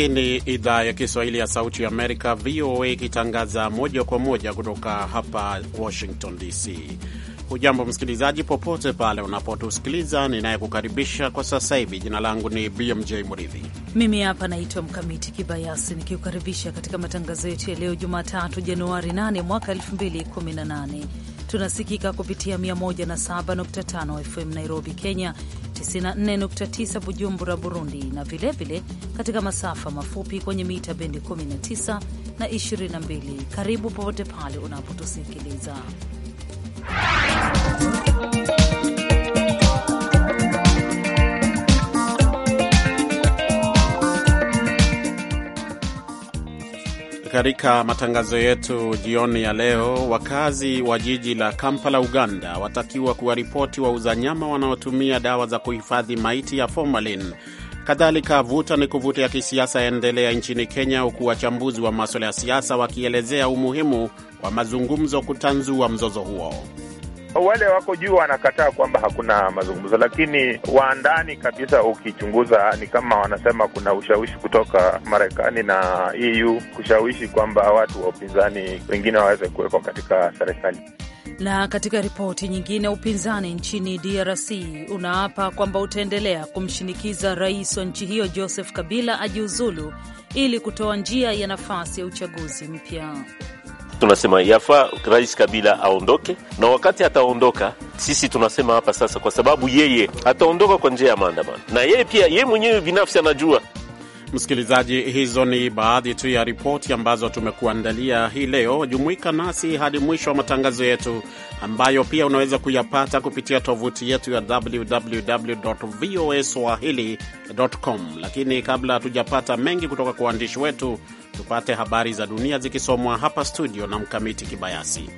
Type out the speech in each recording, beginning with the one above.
Hii ni idhaa ya Kiswahili ya Sauti Amerika, VOA, ikitangaza moja kwa moja kutoka hapa Washington DC. Hujambo msikilizaji, popote pale unapotusikiliza. Ninayekukaribisha kwa sasa hivi, jina langu ni BMJ Muridhi. Mimi hapa naitwa Mkamiti Kibayasi, nikiukaribisha katika matangazo yetu ya leo Jumatatu, Januari 8 mwaka 2018. Tunasikika kupitia 107.5 FM Nairobi, Kenya, 94.9 Bujumbura, Burundi, na vilevile katika masafa mafupi kwenye mita bendi 19 na 22. Karibu popote pale unapotusikiliza katika matangazo yetu jioni ya leo, wakazi wa jiji la Kampala, Uganda, watakiwa kuwaripoti wauza nyama wanaotumia dawa za kuhifadhi maiti ya formalin. Kadhalika, vuta ni kuvuta ya kisiasa yaendelea nchini Kenya, huku wachambuzi wa maswala ya siasa wakielezea umuhimu wa mazungumzo kutanzua mzozo huo wale wako juu wanakataa kwamba hakuna mazungumzo, lakini waandani kabisa ukichunguza, ni kama wanasema kuna ushawishi kutoka Marekani na EU kushawishi kwamba watu wa upinzani wengine waweze kuwekwa katika serikali. Na katika ripoti nyingine, upinzani nchini DRC unaapa kwamba utaendelea kumshinikiza rais wa nchi hiyo Joseph Kabila ajiuzulu ili kutoa njia ya nafasi ya uchaguzi mpya tunasema yafaa Rais Kabila aondoke, na wakati ataondoka, sisi tunasema hapa sasa, kwa sababu yeye ataondoka kwa njia ya maandamano, na yeye pia yeye mwenyewe binafsi anajua Msikilizaji, hizo ni baadhi tu ya ripoti ambazo tumekuandalia hii leo. Jumuika nasi hadi mwisho wa matangazo yetu ambayo pia unaweza kuyapata kupitia tovuti yetu ya www www.voaswahili.com. Lakini kabla hatujapata mengi kutoka kwa waandishi wetu, tupate habari za dunia zikisomwa hapa studio na Mkamiti Kibayasi.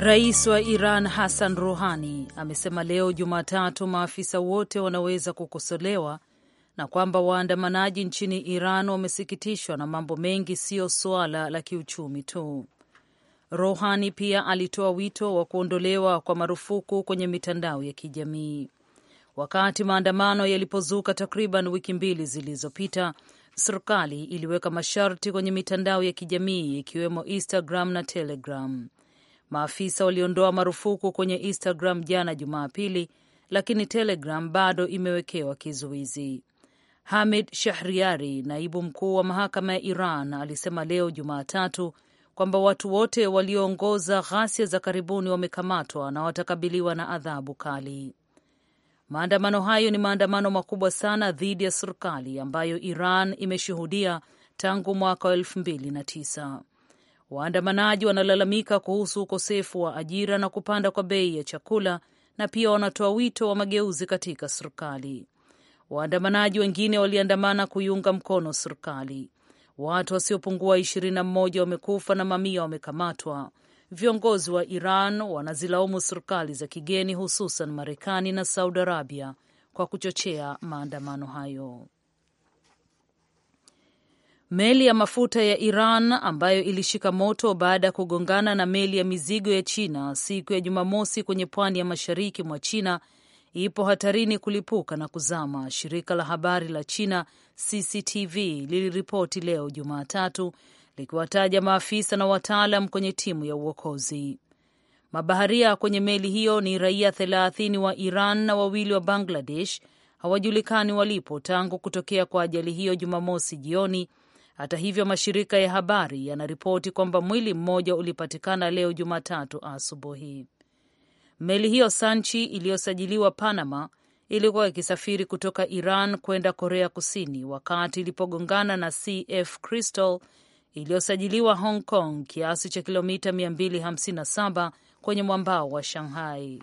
Rais wa Iran Hassan Rouhani amesema leo Jumatatu maafisa wote wanaweza kukosolewa na kwamba waandamanaji nchini Iran wamesikitishwa na mambo mengi, siyo suala la kiuchumi tu. Rouhani pia alitoa wito wa kuondolewa kwa marufuku kwenye mitandao ya kijamii. Wakati maandamano yalipozuka takriban wiki mbili zilizopita, serikali iliweka masharti kwenye mitandao ya kijamii ikiwemo Instagram na Telegram. Maafisa waliondoa marufuku kwenye Instagram jana Jumapili, lakini Telegram bado imewekewa kizuizi. Hamid Shahriari, naibu mkuu wa mahakama ya Iran, alisema leo Jumatatu kwamba watu wote walioongoza ghasia za karibuni wamekamatwa na watakabiliwa na adhabu kali. Maandamano hayo ni maandamano makubwa sana dhidi ya serikali ambayo Iran imeshuhudia tangu mwaka wa elfu mbili na tisa. Waandamanaji wanalalamika kuhusu ukosefu wa ajira na kupanda kwa bei ya chakula na pia wanatoa wito wa mageuzi katika serikali. Waandamanaji wengine waliandamana kuiunga mkono serikali. Watu wasiopungua ishirini na mmoja wamekufa na mamia wamekamatwa. Viongozi wa Iran wanazilaumu serikali za kigeni hususan Marekani na Saudi Arabia kwa kuchochea maandamano hayo. Meli ya mafuta ya Iran ambayo ilishika moto baada ya kugongana na meli ya mizigo ya China siku ya Jumamosi kwenye pwani ya mashariki mwa China ipo hatarini kulipuka na kuzama, shirika la habari la China CCTV liliripoti leo Jumatatu, likiwataja maafisa na wataalam kwenye timu ya uokozi. Mabaharia kwenye meli hiyo ni raia thelathini wa Iran na wawili wa Bangladesh, hawajulikani walipo tangu kutokea kwa ajali hiyo Jumamosi jioni hata hivyo, mashirika ya habari yanaripoti kwamba mwili mmoja ulipatikana leo Jumatatu asubuhi. Meli hiyo Sanchi iliyosajiliwa Panama ilikuwa ikisafiri kutoka Iran kwenda Korea Kusini wakati ilipogongana na CF Crystal iliyosajiliwa Hong Kong kiasi cha kilomita 257 kwenye mwambao wa Shanghai.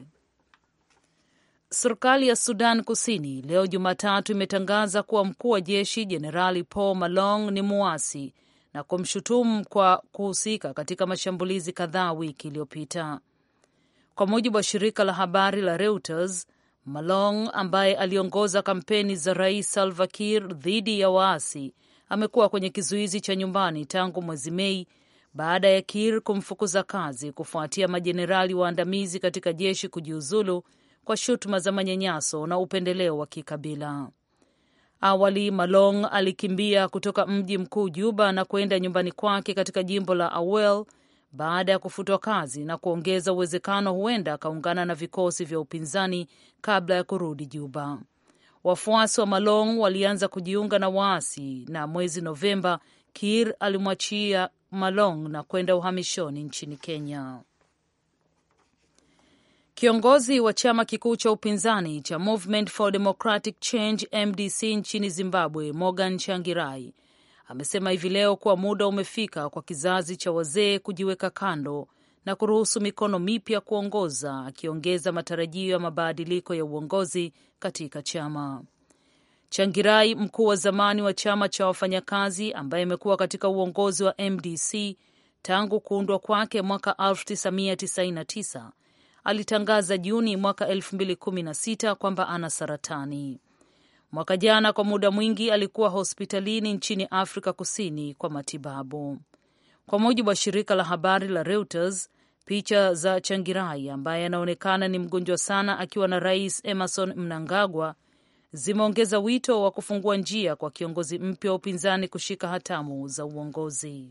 Serikali ya Sudan Kusini leo Jumatatu imetangaza kuwa mkuu wa jeshi Jenerali Paul Malong ni muasi na kumshutumu kwa kuhusika katika mashambulizi kadhaa wiki iliyopita. Kwa mujibu wa shirika la habari la Reuters, Malong ambaye aliongoza kampeni za Rais Salva Kiir dhidi ya waasi amekuwa kwenye kizuizi cha nyumbani tangu mwezi Mei baada ya Kiir kumfukuza kazi kufuatia majenerali waandamizi katika jeshi kujiuzulu kwa shutuma za manyanyaso na upendeleo wa kikabila. Awali Malong alikimbia kutoka mji mkuu Juba na kuenda nyumbani kwake katika jimbo la Awel baada ya kufutwa kazi na kuongeza uwezekano huenda akaungana na vikosi vya upinzani kabla ya kurudi Juba. Wafuasi wa Malong walianza kujiunga na waasi na mwezi Novemba kir alimwachia Malong na kwenda uhamishoni nchini Kenya. Kiongozi wa chama kikuu cha upinzani cha Movement for Democratic Change MDC nchini Zimbabwe, Morgan Changirai amesema hivi leo kuwa muda umefika kwa kizazi cha wazee kujiweka kando na kuruhusu mikono mipya kuongoza, akiongeza matarajio ya mabadiliko ya uongozi katika chama. Changirai, mkuu wa zamani wa chama cha wafanyakazi, ambaye amekuwa katika uongozi wa MDC tangu kuundwa kwake mwaka 1999 alitangaza Juni mwaka 2016 kwamba ana saratani. Mwaka jana kwa muda mwingi alikuwa hospitalini nchini Afrika Kusini kwa matibabu. Kwa mujibu wa shirika la habari la Reuters, picha za Changirai ambaye anaonekana ni mgonjwa sana akiwa na Rais Emerson Mnangagwa zimeongeza wito wa kufungua njia kwa kiongozi mpya wa upinzani kushika hatamu za uongozi.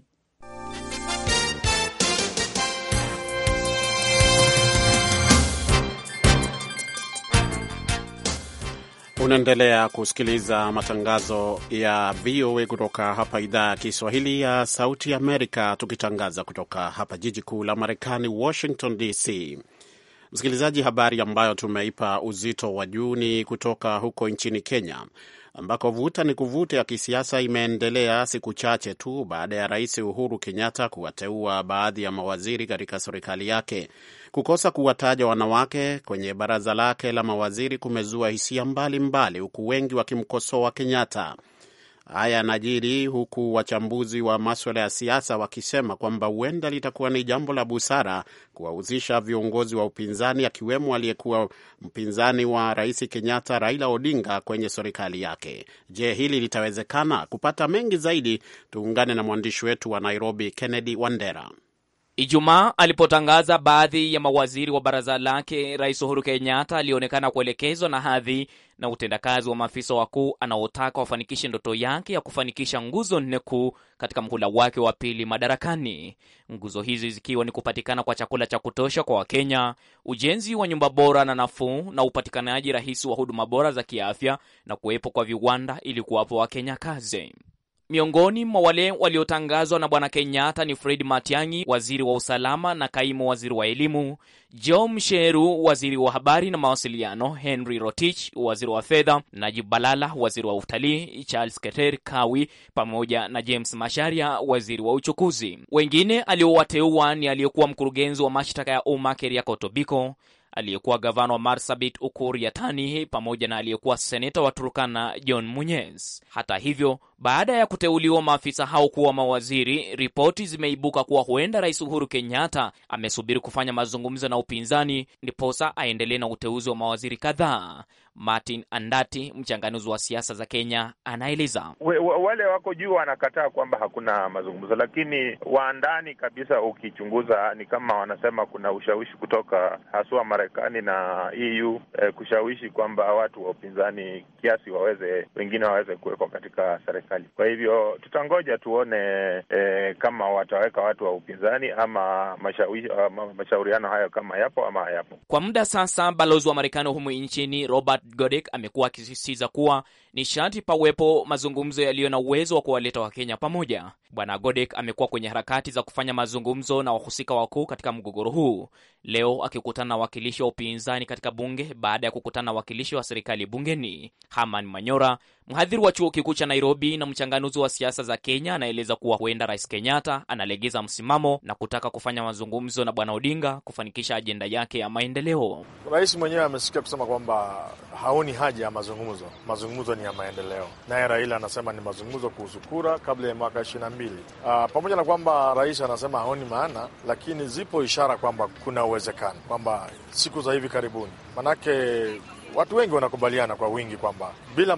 Unaendelea kusikiliza matangazo ya VOA kutoka hapa idhaa ya Kiswahili ya Sauti Amerika, tukitangaza kutoka hapa jiji kuu la Marekani, Washington DC. Msikilizaji, habari ambayo tumeipa uzito wa juu ni kutoka huko nchini Kenya ambako vuta ni kuvuta ya kisiasa imeendelea siku chache tu baada ya Rais Uhuru Kenyatta kuwateua baadhi ya mawaziri katika serikali yake. Kukosa kuwataja wanawake kwenye baraza lake la mawaziri kumezua hisia mbalimbali, huku wengi wakimkosoa Kenyatta. Haya yanajiri huku wachambuzi wa maswala ya siasa wakisema kwamba huenda litakuwa ni jambo la busara kuwahusisha viongozi wa upinzani akiwemo aliyekuwa mpinzani wa rais Kenyatta, Raila Odinga, kwenye serikali yake. Je, hili litawezekana? Kupata mengi zaidi, tuungane na mwandishi wetu wa Nairobi, Kennedy Wandera. Ijumaa alipotangaza baadhi ya mawaziri wa baraza lake, Rais Uhuru Kenyatta alionekana kuelekezwa na hadhi na utendakazi wa maafisa wakuu anaotaka wafanikishe ndoto yake ya kufanikisha nguzo nne kuu katika mhula wake wa pili madarakani, nguzo hizi zikiwa ni kupatikana kwa chakula cha kutosha kwa Wakenya, ujenzi wa nyumba bora na nafuu, na upatikanaji rahisi wa huduma bora za kiafya na kuwepo kwa viwanda ili kuwapa Wakenya kazi. Miongoni mwa wale waliotangazwa na Bwana Kenyatta ni Fred Matiang'i, waziri wa usalama na kaimu waziri wa elimu, jo Msheru, waziri wa habari na mawasiliano, Henry Rotich, waziri wa fedha, Najib Balala, waziri wa utalii, Charles Keter Kawi, pamoja na James Masharia, waziri wa uchukuzi. Wengine aliowateua ni aliyekuwa mkurugenzi wa mashtaka ya umma Keriako Tobiko, aliyekuwa gavana wa Marsabit Ukur Yatani pamoja na aliyekuwa seneta wa Turkana John Munyes. Hata hivyo baada ya kuteuliwa maafisa hao kuwa mawaziri, ripoti zimeibuka kuwa huenda Rais Uhuru Kenyatta amesubiri kufanya mazungumzo na upinzani ndiposa aendelee na uteuzi wa mawaziri kadhaa. Martin Andati, mchanganuzi wa siasa za Kenya, anaeleza. Wale wako juu wanakataa kwamba hakuna mazungumzo, lakini waandani kabisa ukichunguza, ni kama wanasema kuna ushawishi kutoka haswa Marekani na EU eh, kushawishi kwamba watu wa upinzani kiasi waweze, wengine waweze kuwekwa katika serikali serikali. Kwa hivyo tutangoja tuone e, kama wataweka watu wa upinzani ama mashauriano hayo kama yapo ama hayapo. Kwa muda sasa, balozi wa Marekani humu nchini Robert Godek amekuwa akisisitiza kuwa ni sharti pawepo mazungumzo yaliyo na uwezo wa kuwaleta Wakenya pamoja. Bwana Godek amekuwa kwenye harakati za kufanya mazungumzo na wahusika wakuu katika mgogoro huu, leo akikutana na wakilishi wa upinzani katika bunge baada ya kukutana na wakilishi wa serikali bungeni. Haman Manyora, mhadhiri wa chuo kikuu cha Nairobi na mchanganuzi wa siasa za Kenya, anaeleza kuwa huenda Rais Kenyatta analegeza msimamo na kutaka kufanya mazungumzo na Bwana Odinga kufanikisha ajenda yake ya maendeleo. Rais mwenyewe amesikia kusema kwamba haoni haja ya mazungumzo. Mazungumzo ni ya maendeleo. Naye Raila anasema ni mazungumzo kuhusu kura kabla ya mwaka ishirini na mbili. Uh, pamoja na kwamba rais anasema haoni maana, lakini zipo ishara kwamba kuna uwezekano kwamba siku za hivi karibuni, manake watu wengi wanakubaliana kwa wingi kwamba bila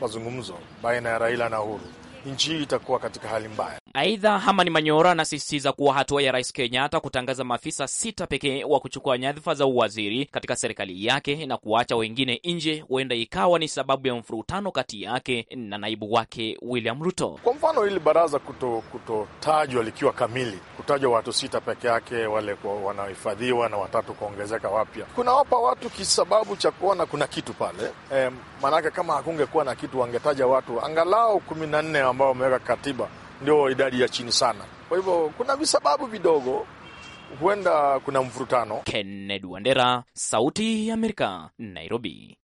mazungumzo baina ya Raila na Uhuru nchi hii itakuwa katika hali mbaya. Aidha, Hamani Manyora anasisitiza kuwa hatua ya Rais Kenyatta kutangaza maafisa sita pekee wa kuchukua nyadhifa za uwaziri katika serikali yake na kuwaacha wengine nje huenda ikawa ni sababu ya mfurutano kati yake na naibu wake William Ruto. Kwa mfano, hili baraza kutotajwa kuto likiwa kamili kutajwa watu sita peke yake wale wanaohifadhiwa na watatu kuongezeka wapya. Kunawapa watu kisababu cha kuona kuna kitu pale e, maanake kama hakungekuwa na kitu wangetaja watu angalau kumi na nne ambao wameweka katiba, ndio idadi ya chini sana. Kwa hivyo kuna visababu vidogo, huenda kuna mvurutano. Kennedy Wandera, Sauti ya Amerika, Nairobi.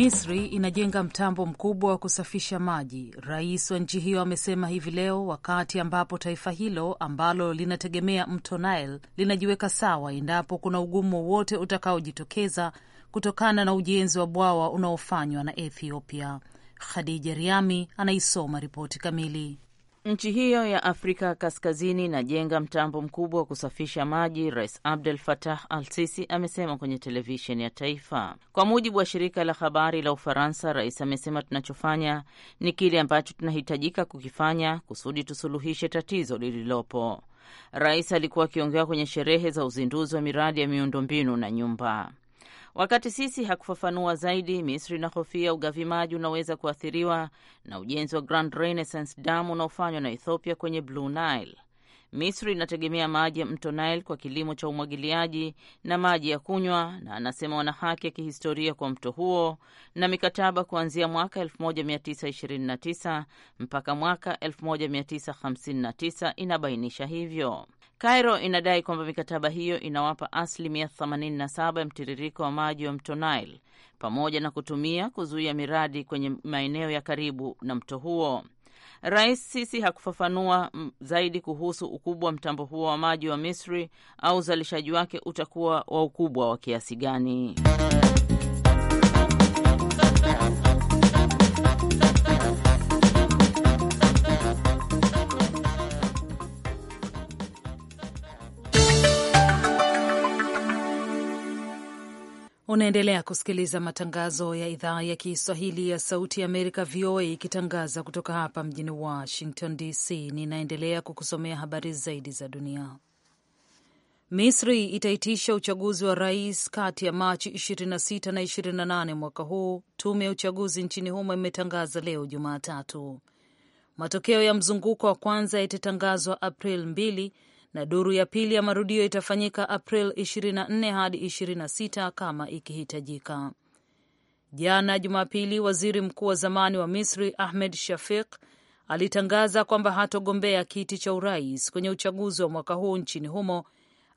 Misri inajenga mtambo mkubwa wa kusafisha maji, rais wa nchi hiyo amesema hivi leo, wakati ambapo taifa hilo ambalo linategemea mto Nile linajiweka sawa endapo kuna ugumu wowote utakaojitokeza kutokana na ujenzi wa bwawa unaofanywa na Ethiopia. Khadija Riami anaisoma ripoti kamili. Nchi hiyo ya Afrika Kaskazini inajenga mtambo mkubwa wa kusafisha maji, Rais Abdel Fattah al-Sisi amesema kwenye televisheni ya taifa. Kwa mujibu wa shirika la habari la Ufaransa, rais amesema tunachofanya ni kile ambacho tunahitajika kukifanya kusudi tusuluhishe tatizo lililopo. Rais alikuwa akiongea kwenye sherehe za uzinduzi wa miradi ya miundombinu na nyumba. Wakati Sisi hakufafanua zaidi, Misri inahofia ugavimaji unaweza kuathiriwa na ujenzi wa Grand Renaissance Dam unaofanywa na Ethiopia kwenye Blue Nile. Misri inategemea maji ya mto Nile kwa kilimo cha umwagiliaji na maji ya kunywa, na anasema wana haki ya kihistoria kwa mto huo na mikataba kuanzia mwaka 1929 mpaka mwaka 1959 inabainisha hivyo. Cairo inadai kwamba mikataba hiyo inawapa asilimia 87 ya mtiririko wa maji wa mto Nile pamoja na kutumia kuzuia miradi kwenye maeneo ya karibu na mto huo. Rais Sisi hakufafanua zaidi kuhusu ukubwa wa mtambo huo wa maji wa Misri au uzalishaji wake utakuwa wa ukubwa wa kiasi gani. Unaendelea kusikiliza matangazo ya idhaa ya Kiswahili ya Sauti ya Amerika, VOA, ikitangaza kutoka hapa mjini Washington DC. Ninaendelea kukusomea habari zaidi za dunia. Misri itaitisha uchaguzi wa rais kati ya Machi 26 na 28 mwaka huu, tume ya uchaguzi nchini humo imetangaza leo Jumatatu. Matokeo ya mzunguko wa kwanza yatatangazwa April 2 na duru ya pili ya marudio itafanyika April 24 hadi 26 kama ikihitajika. Jana Jumapili, waziri mkuu wa zamani wa Misri Ahmed Shafik alitangaza kwamba hatogombea kiti cha urais kwenye uchaguzi wa mwaka huu nchini humo,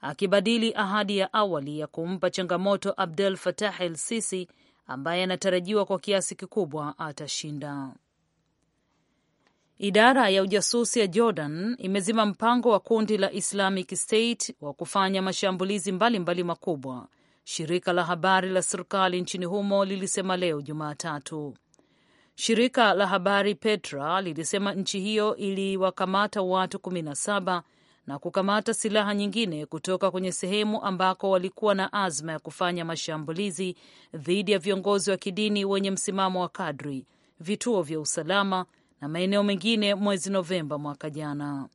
akibadili ahadi ya awali ya kumpa changamoto Abdel Fattah el Sisi ambaye anatarajiwa kwa kiasi kikubwa atashinda. Idara ya ujasusi ya Jordan imezima mpango wa kundi la Islamic State wa kufanya mashambulizi mbalimbali mbali makubwa, shirika la habari la serikali nchini humo lilisema leo Jumatatu. Shirika la habari Petra lilisema nchi hiyo iliwakamata watu 17 na kukamata silaha nyingine kutoka kwenye sehemu ambako walikuwa na azma ya kufanya mashambulizi dhidi ya viongozi wa kidini wenye msimamo wa kadri, vituo vya usalama na maeneo mengine mwezi Novemba mwaka jana.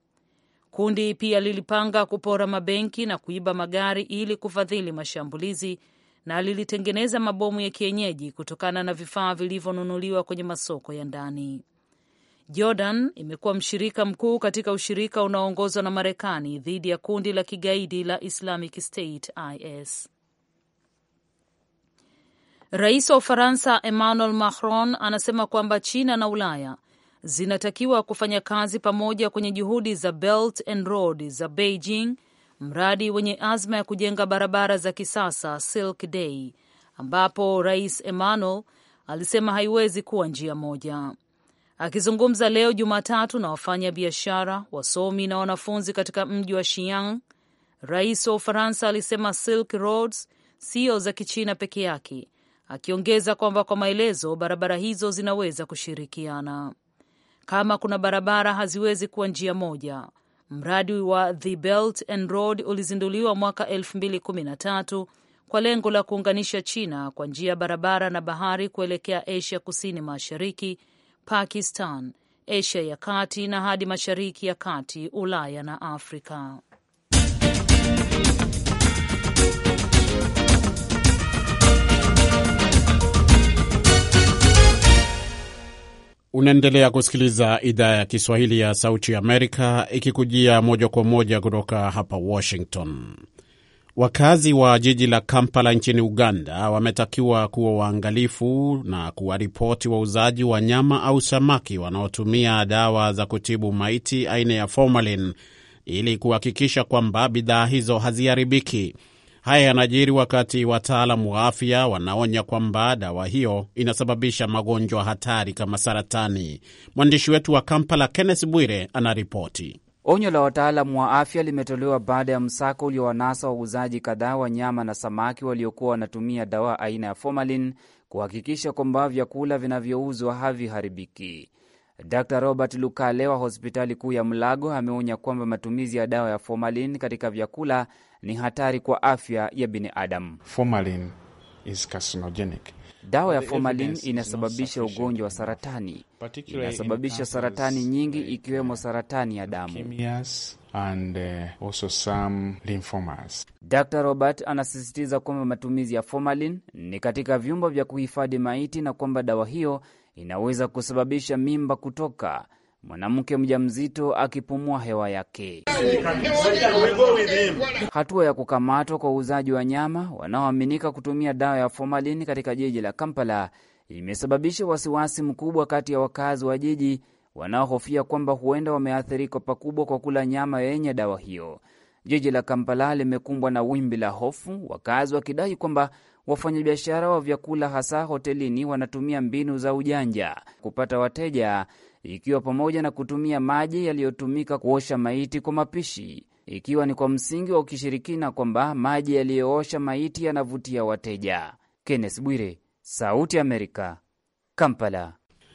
Kundi pia lilipanga kupora mabenki na kuiba magari ili kufadhili mashambulizi na lilitengeneza mabomu ya kienyeji kutokana na vifaa vilivyonunuliwa kwenye masoko ya ndani. Jordan imekuwa mshirika mkuu katika ushirika unaoongozwa na Marekani dhidi ya kundi la kigaidi la Islamic State IS. Rais wa Ufaransa Emmanuel Macron anasema kwamba China na Ulaya zinatakiwa kufanya kazi pamoja kwenye juhudi za Belt and Road za Beijing, mradi wenye azma ya kujenga barabara za kisasa Silk Day, ambapo Rais Emmanuel alisema haiwezi kuwa njia moja. Akizungumza leo Jumatatu na wafanya biashara, wasomi na wanafunzi katika mji wa Xi'an, rais wa Ufaransa alisema Silk Roads sio za Kichina peke yake, akiongeza kwamba kwa maelezo, barabara hizo zinaweza kushirikiana kama kuna barabara haziwezi kuwa njia moja. Mradi wa The Belt and Road ulizinduliwa mwaka 2013 kwa lengo la kuunganisha China kwa njia ya barabara na bahari kuelekea Asia Kusini Mashariki, Pakistan, Asia ya Kati na hadi Mashariki ya Kati, Ulaya na Afrika. Unaendelea kusikiliza idhaa ya Kiswahili ya Sauti Amerika ikikujia moja kwa moja kutoka hapa Washington. Wakazi wa jiji la Kampala nchini Uganda wametakiwa kuwa waangalifu na kuwaripoti wauzaji wa nyama au samaki wanaotumia dawa za kutibu maiti aina ya formalin ili kuhakikisha kwamba bidhaa hizo haziharibiki. Haya yanajiri wakati wataalam wa afya wanaonya kwamba dawa hiyo inasababisha magonjwa hatari kama saratani. Mwandishi wetu wa Kampala, Kenneth Bwire, anaripoti. Onyo la wataalamu wa afya limetolewa baada ya msako uliowanasa wauzaji kadhaa wa nyama na samaki waliokuwa wanatumia dawa aina ya formalin kuhakikisha kwamba vyakula vinavyouzwa haviharibiki. Dr Robert Lukale wa hospitali kuu ya Mlago ameonya kwamba matumizi ya dawa ya formalin katika vyakula ni hatari kwa afya ya binadamu. Formalin is carcinogenic. Dawa ya formalin inasababisha ugonjwa wa saratani, inasababisha saratani nyingi ikiwemo saratani ya damu. Dr. Uh, Robert anasisitiza kwamba matumizi ya formalin ni katika vyumba vya kuhifadhi maiti na kwamba dawa hiyo inaweza kusababisha mimba kutoka mwanamke mjamzito akipumua hewa yake. Hatua ya kukamatwa kwa uuzaji wa nyama wanaoaminika kutumia dawa ya formalin katika jiji la Kampala imesababisha wasiwasi mkubwa kati ya wakazi wa jiji wanaohofia kwamba huenda wameathirika pakubwa kwa kula nyama yenye dawa hiyo. Jiji la Kampala limekumbwa na wimbi la hofu, wakazi wakidai kwamba wafanyabiashara wa vyakula hasa hotelini wanatumia mbinu za ujanja kupata wateja ikiwa pamoja na kutumia maji yaliyotumika kuosha maiti kwa mapishi, ikiwa ni kwa msingi wa ukishirikina kwamba maji yaliyoosha maiti yanavutia wateja. Kenneth Bwire, Sauti Amerika, Kampala.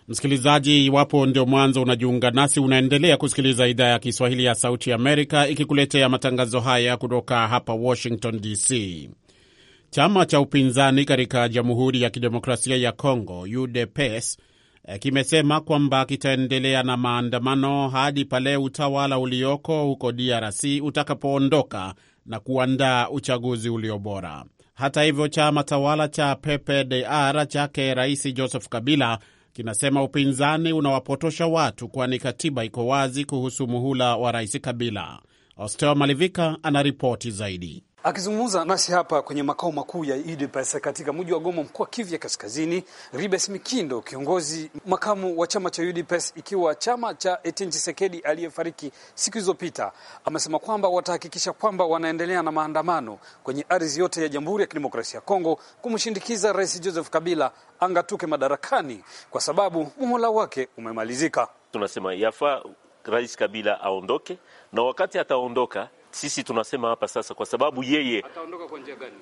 Msikilizaji, iwapo ndio mwanzo unajiunga nasi, unaendelea kusikiliza idhaa ya Kiswahili ya Sauti Amerika ikikuletea matangazo haya kutoka hapa Washington DC. Chama cha upinzani katika Jamhuri ya Kidemokrasia ya congo UDPS Eh, kimesema kwamba kitaendelea na maandamano hadi pale utawala ulioko huko DRC utakapoondoka na kuandaa uchaguzi ulio bora. Hata hivyo, chama tawala cha PPDR chake Rais Joseph Kabila kinasema upinzani unawapotosha watu, kwani katiba iko wazi kuhusu muhula wa Rais Kabila. Osteo Malivika anaripoti zaidi. Akizungumza nasi hapa kwenye makao makuu ya UDPS katika mji wa Goma, mkoa Kivu ya Kaskazini, Ribes Mikindo, kiongozi makamu wa chama cha UDPS, ikiwa chama cha Etienne Tshisekedi aliyefariki siku zilizopita, amesema kwamba watahakikisha kwamba wanaendelea na maandamano kwenye ardhi yote ya Jamhuri ya Kidemokrasia ya Kongo kumshindikiza Rais Joseph Kabila angatuke madarakani, kwa sababu muhula wake umemalizika. Tunasema yafaa Rais Kabila aondoke, na wakati ataondoka sisi tunasema hapa sasa, kwa sababu yeye ataondoka kwa njia gani?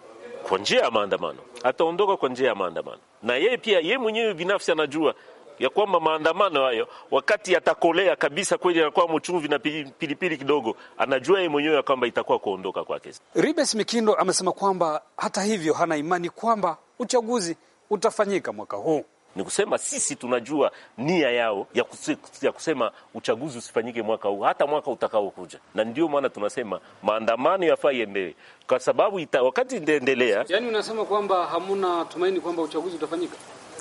Kwa njia ya maandamano, ataondoka kwa njia ya maandamano. Na yeye pia, yeye mwenyewe binafsi anajua ya kwamba maandamano hayo, wakati atakolea kabisa kweli, anakuwa mchumvi na pilipili kidogo, anajua yeye mwenyewe ya kwamba itakuwa kuondoka kwake. Ribes Mikindo amesema kwamba hata hivyo hana imani kwamba uchaguzi utafanyika mwaka huu. Ni kusema sisi tunajua nia yao ya kusema, ya kusema uchaguzi usifanyike mwaka huu hata mwaka utakaokuja, na ndio maana tunasema maandamano yafaa iendelee kwa sababu ita, wakati itaendelea. Yani unasema kwamba hamuna tumaini kwamba uchaguzi utafanyika?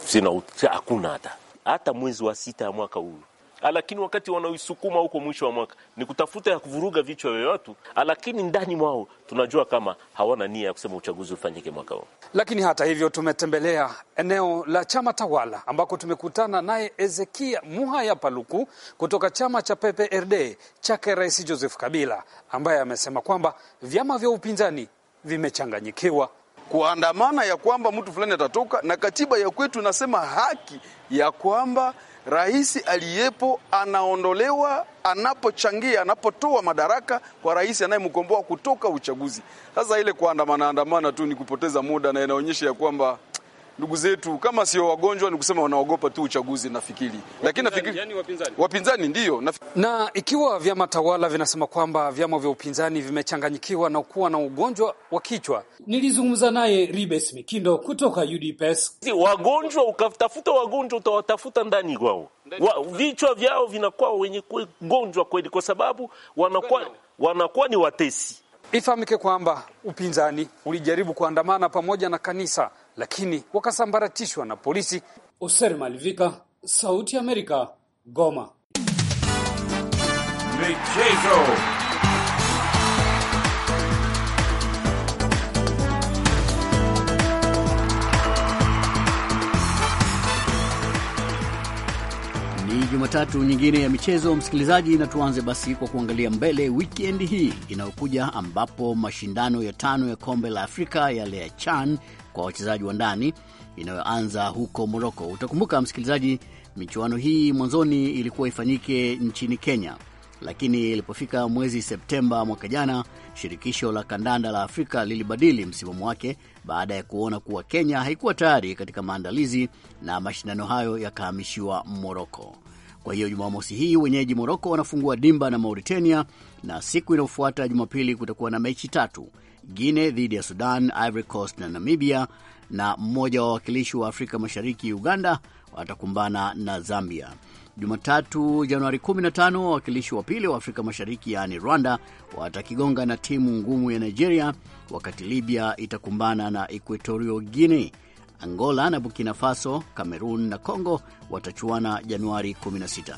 Sina, hakuna hata hata mwezi wa sita ya mwaka huu Ah, lakini wakati wanaoisukuma huko mwisho wa mwaka ni kutafuta ya kuvuruga vichwa vya watu, ah, lakini ndani mwao tunajua kama hawana nia ya kusema uchaguzi ufanyike mwaka huu. Lakini hata hivyo, tumetembelea eneo la chama tawala ambako tumekutana naye Ezekia Muhaya Paluku kutoka chama cha PPRD chake Rais Joseph Kabila ambaye amesema kwamba vyama vya upinzani vimechanganyikiwa kuandamana ya kwamba mtu fulani atatoka, na katiba ya kwetu inasema haki ya kwamba rais aliyepo anaondolewa anapochangia, anapotoa madaraka kwa rais anayemkomboa kutoka uchaguzi. Sasa ile kuandamana andamana tu ni kupoteza muda, na inaonyesha ya kwamba ndugu zetu kama sio wagonjwa, ni kusema wanaogopa tu uchaguzi nafikiri, lakini nafikiri yani wapinzani, wapinzani ndio na, Na ikiwa vyama tawala vinasema kwamba vyama vya upinzani vimechanganyikiwa na kuwa na ugonjwa wa kichwa, nilizungumza naye Ribes Mikindo kutoka UDPS. Wagonjwa ukatafuta wagonjwa, utawatafuta ndani kwao, vichwa vyao vinakuwa wenye gonjwa kweli, kwa sababu wanakuwa wanakuwa ni watesi Ifahamike kwamba upinzani ulijaribu kuandamana pamoja na kanisa, lakini wakasambaratishwa na polisi. Oser Malivika, Sauti ya Amerika, Goma. Michezo. tatu nyingine ya michezo, msikilizaji, na tuanze basi kwa kuangalia mbele wikendi hii inayokuja, ambapo mashindano ya tano ya kombe la Afrika yale ya CHAN kwa wachezaji wa ndani inayoanza huko Moroko. Utakumbuka msikilizaji, michuano hii mwanzoni ilikuwa ifanyike nchini Kenya, lakini ilipofika mwezi Septemba mwaka jana, shirikisho la kandanda la Afrika lilibadili msimamo wake baada ya kuona kuwa Kenya haikuwa tayari katika maandalizi na mashindano hayo yakahamishiwa Moroko. Kwa hiyo Jumamosi hii wenyeji Moroko wanafungua dimba na Mauritania, na siku inayofuata Jumapili kutakuwa na mechi tatu: Guine dhidi ya Sudan, Ivory Coast na Namibia, na mmoja wa wawakilishi wa Afrika Mashariki, Uganda, watakumbana na Zambia. Jumatatu Januari 15 wawakilishi wa pili wa Afrika Mashariki yaani Rwanda watakigonga na timu ngumu ya Nigeria, wakati Libya itakumbana na Equatorial Guinea. Angola na Burkina Faso, Kamerun na Congo watachuana Januari 16.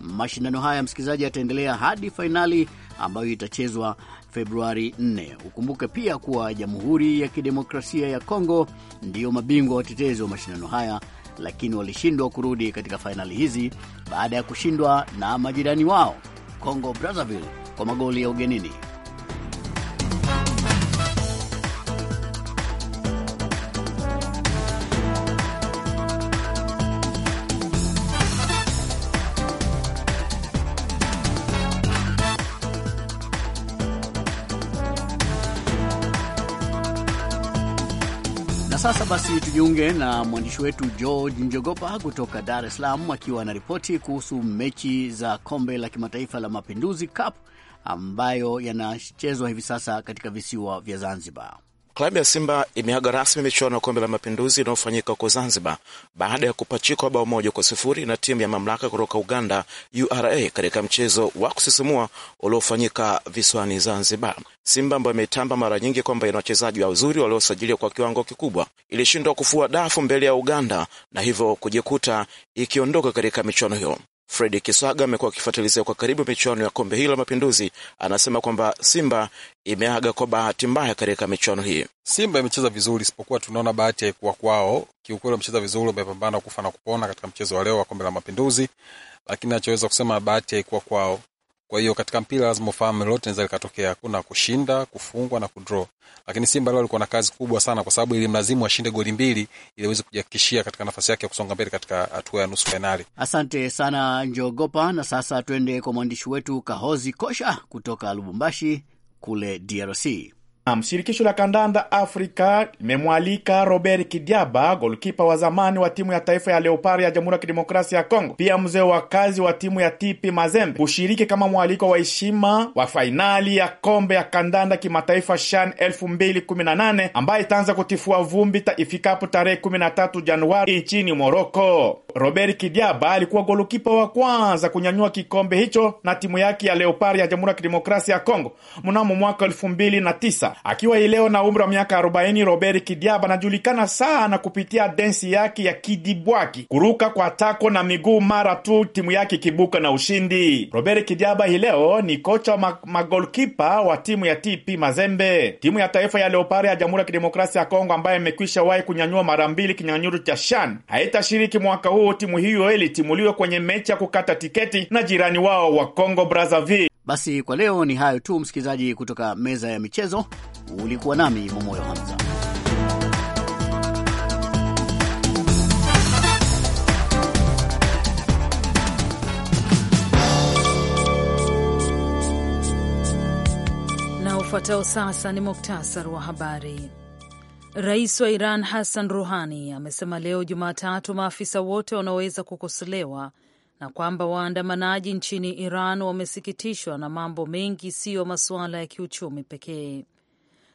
Mashindano haya msikilizaji, yataendelea hadi fainali ambayo itachezwa Februari 4. Ukumbuke pia kuwa Jamhuri ya Kidemokrasia ya congo ndiyo mabingwa watetezi wa mashindano haya, lakini walishindwa kurudi katika fainali hizi baada ya kushindwa na majirani wao Congo Brazzaville kwa magoli ya ugenini. basi tujiunge na mwandishi wetu George Njogopa kutoka Dar es Salaam akiwa na ripoti kuhusu mechi za kombe la kimataifa la Mapinduzi Cup ambayo yanachezwa hivi sasa katika visiwa vya Zanzibar. Klabu ya Simba imeaga rasmi michuano ya kombe la mapinduzi inayofanyika huko Zanzibar baada ya kupachikwa bao moja kwa sifuri na timu ya mamlaka kutoka Uganda, URA, katika mchezo wa kusisimua uliofanyika visiwani Zanzibar. Simba ambayo imetamba mara nyingi kwamba ina wachezaji wazuri waliosajiliwa kwa kiwango kikubwa, ilishindwa kufua dafu mbele ya Uganda na hivyo kujikuta ikiondoka katika michuano hiyo. Fredi kiswaga amekuwa akifuatilizia kwa karibu michuano ya kombe hilo la Mapinduzi, anasema kwamba Simba imeaga kwa bahati mbaya katika michuano hii. Simba imecheza vizuri, isipokuwa tunaona bahati haikuwa kwao. Kiukweli wamecheza vizuri, wamepambana kufa na kupona katika mchezo wa leo wa kombe la Mapinduzi, lakini nachoweza kusema bahati haikuwa kwao. Kwa hiyo katika mpira lazima ufahamu lolote linaweza likatokea. Kuna kushinda, kufungwa na kudraw, lakini Simba leo alikuwa na kazi kubwa sana, kwa sababu ilimlazimu ashinde goli mbili ili aweze kujihakikishia katika nafasi yake ya kusonga mbele katika hatua ya nusu fainali. Asante sana Njogopa, na sasa twende kwa mwandishi wetu Kahozi Kosha kutoka Lubumbashi kule DRC. Um, shirikisho la kandanda Afrika limemwalika Robert Kidiaba, golkipa wa zamani wa timu ya taifa ya Leopard ya Jamhuri ya Kidemokrasia ya Kongo, pia mzee wa kazi wa timu ya TP Mazembe kushiriki kama mwaliko wa heshima wa fainali ya kombe ya kandanda kimataifa shan 2018 ambayo itaanza kutifua vumbi ta ifikapo tarehe 13 Januari nchini Moroko. Robert Kidiaba alikuwa golukipa wa kwanza kunyanyua kikombe hicho na timu yake ya Leopard ya Jamhuri ya Kidemokrasia ya Kongo mnamo mwaka elfu mbili na tisa. Akiwa ileo na umri wa miaka arobaini, Robert Kidiaba anajulikana sana kupitia densi yake ya kidibwaki, kuruka kwa tako na miguu mara tu timu yake ikibuka na ushindi. Robert Kidiaba hileo ni kocha wa magolkipa wa timu ya TP Mazembe, timu ya taifa ya Leopard ya Jamhuri ya Kidemokrasia ya Kongo ambayo imekwisha wahi kunyanyua mara mbili kinyanyuru cha shan haitashiriki mwaka huu huo timu hiyo ilitimuliwe kwenye mechi ya kukata tiketi na jirani wao wa Congo Brazzaville. Basi kwa leo ni hayo tu, msikilizaji. Kutoka meza ya michezo ulikuwa nami Momoyo Hamza. Na ufuatao sasa ni muktasari wa habari. Rais wa Iran Hassan Ruhani amesema leo Jumatatu maafisa wote wanaoweza kukosolewa na kwamba waandamanaji nchini Iran wamesikitishwa na mambo mengi, siyo masuala ya kiuchumi pekee.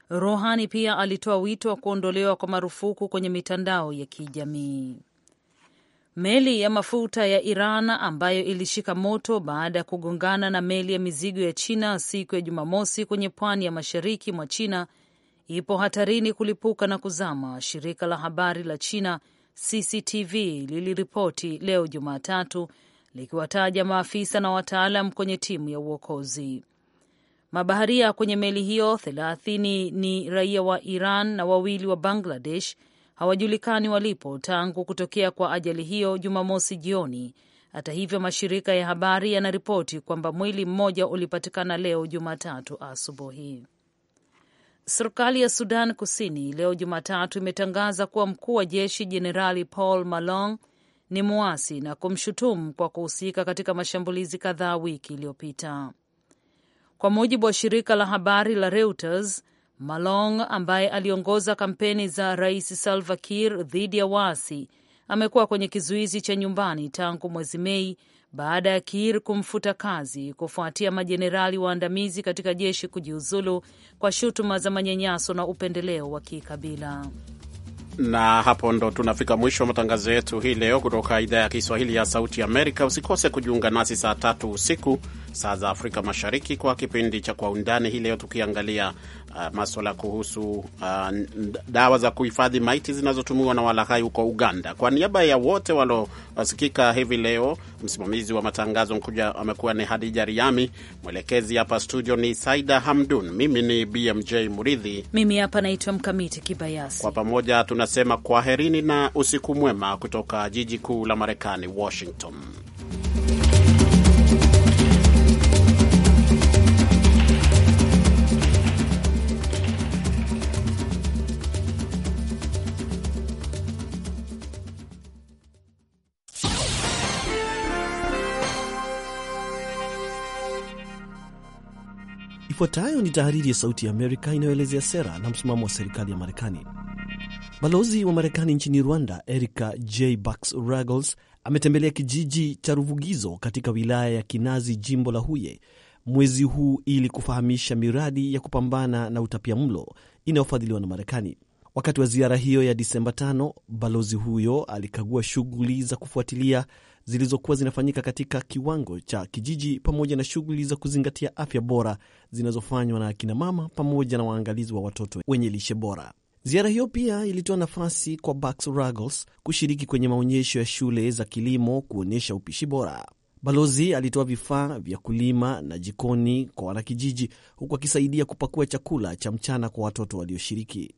Rohani pia alitoa wito wa kuondolewa kwa marufuku kwenye mitandao ya kijamii. Meli ya mafuta ya Iran ambayo ilishika moto baada ya kugongana na meli ya mizigo ya China siku ya Jumamosi kwenye pwani ya mashariki mwa China ipo hatarini kulipuka na kuzama, shirika la habari la China CCTV liliripoti leo Jumatatu, likiwataja maafisa na wataalam kwenye timu ya uokozi. Mabaharia kwenye meli hiyo thelathini ni raia wa Iran na wawili wa Bangladesh hawajulikani walipo tangu kutokea kwa ajali hiyo Jumamosi jioni. Hata hivyo, mashirika ya habari yanaripoti kwamba mwili mmoja ulipatikana leo Jumatatu asubuhi. Serikali ya Sudan Kusini leo Jumatatu imetangaza kuwa mkuu wa jeshi Jenerali Paul Malong ni mwasi na kumshutumu kwa kuhusika katika mashambulizi kadhaa wiki iliyopita, kwa mujibu wa shirika la habari la Reuters. Malong ambaye aliongoza kampeni za Rais Salva Kiir dhidi ya waasi amekuwa kwenye kizuizi cha nyumbani tangu mwezi Mei baada ya Kiir kumfuta kazi kufuatia majenerali waandamizi katika jeshi kujiuzulu kwa shutuma za manyanyaso na upendeleo wa kikabila. Na hapo ndo tunafika mwisho wa matangazo yetu hii leo kutoka idhaa ya Kiswahili ya Sauti Amerika. Usikose kujiunga nasi saa tatu usiku saa za Afrika Mashariki kwa kipindi cha Kwa Undani hii leo, tukiangalia uh, maswala kuhusu uh, dawa za kuhifadhi maiti zinazotumiwa na wala hai huko Uganda. Kwa niaba ya wote waliosikika hivi leo, msimamizi wa matangazo mkuja amekuwa ni Hadija Riami, mwelekezi hapa studio ni Saida Hamdun, mimi ni BMJ Muridhi, mimi hapa naitwa Mkamiti Kibayasi. Kwa pamoja tunasema kwaherini na usiku mwema kutoka jiji kuu la Marekani, Washington. Ifuatayo ni tahariri ya Sauti ya Amerika inayoelezea sera na msimamo wa serikali ya Marekani. Balozi wa Marekani nchini Rwanda, Erica J Bax Ruggles, ametembelea kijiji cha Ruvugizo katika wilaya ya Kinazi, jimbo la Huye, mwezi huu ili kufahamisha miradi ya kupambana na utapia mlo inayofadhiliwa na Marekani. Wakati wa ziara hiyo ya Disemba 5, balozi huyo alikagua shughuli za kufuatilia zilizokuwa zinafanyika katika kiwango cha kijiji pamoja na shughuli za kuzingatia afya bora zinazofanywa na akinamama pamoja na waangalizi wa watoto wenye lishe bora. Ziara hiyo pia ilitoa nafasi kwa Bucks Ruggles kushiriki kwenye maonyesho ya shule za kilimo kuonyesha upishi bora. Balozi alitoa vifaa vya kulima na jikoni kwa wanakijiji huku akisaidia kupakua chakula cha mchana kwa watoto walioshiriki.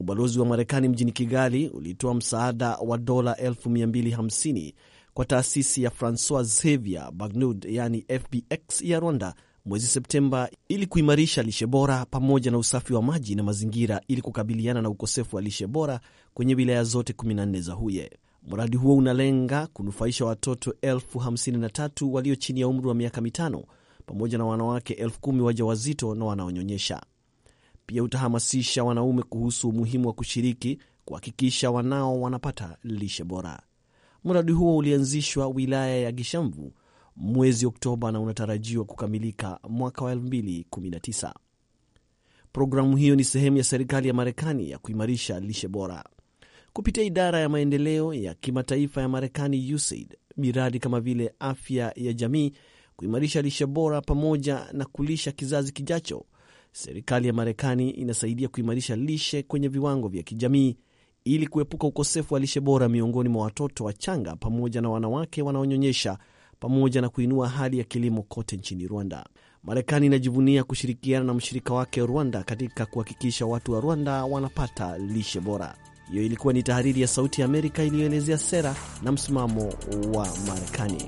Ubalozi wa Marekani mjini Kigali ulitoa msaada wa dola 250 kwa taasisi ya Francois Xavier Bagnud yani FBX ya Rwanda mwezi Septemba ili kuimarisha lishe bora pamoja na usafi wa maji na mazingira ili kukabiliana na ukosefu wa lishe bora kwenye wilaya zote 14 za Huye. Mradi huo unalenga kunufaisha watoto elfu hamsini na tatu walio chini ya umri wa miaka mitano pamoja na wanawake elfu kumi wajawazito na wanaonyonyesha. Pia utahamasisha wanaume kuhusu umuhimu wa kushiriki kuhakikisha wanao wanapata lishe bora. Mradi huo ulianzishwa wilaya ya Gishamvu mwezi Oktoba na unatarajiwa kukamilika mwaka wa 2019. Programu hiyo ni sehemu ya serikali ya Marekani ya kuimarisha lishe bora kupitia idara ya maendeleo ya kimataifa ya Marekani, USAID. Miradi kama vile afya ya jamii, kuimarisha lishe bora pamoja na kulisha kizazi kijacho, serikali ya Marekani inasaidia kuimarisha lishe kwenye viwango vya kijamii ili kuepuka ukosefu wa lishe bora miongoni mwa watoto wachanga pamoja na wanawake wanaonyonyesha pamoja na kuinua hali ya kilimo kote nchini Rwanda. Marekani inajivunia kushirikiana na mshirika wake Rwanda katika kuhakikisha watu wa Rwanda wanapata lishe bora. Hiyo ilikuwa ni tahariri ya Sauti ya Amerika iliyoelezea sera na msimamo wa Marekani.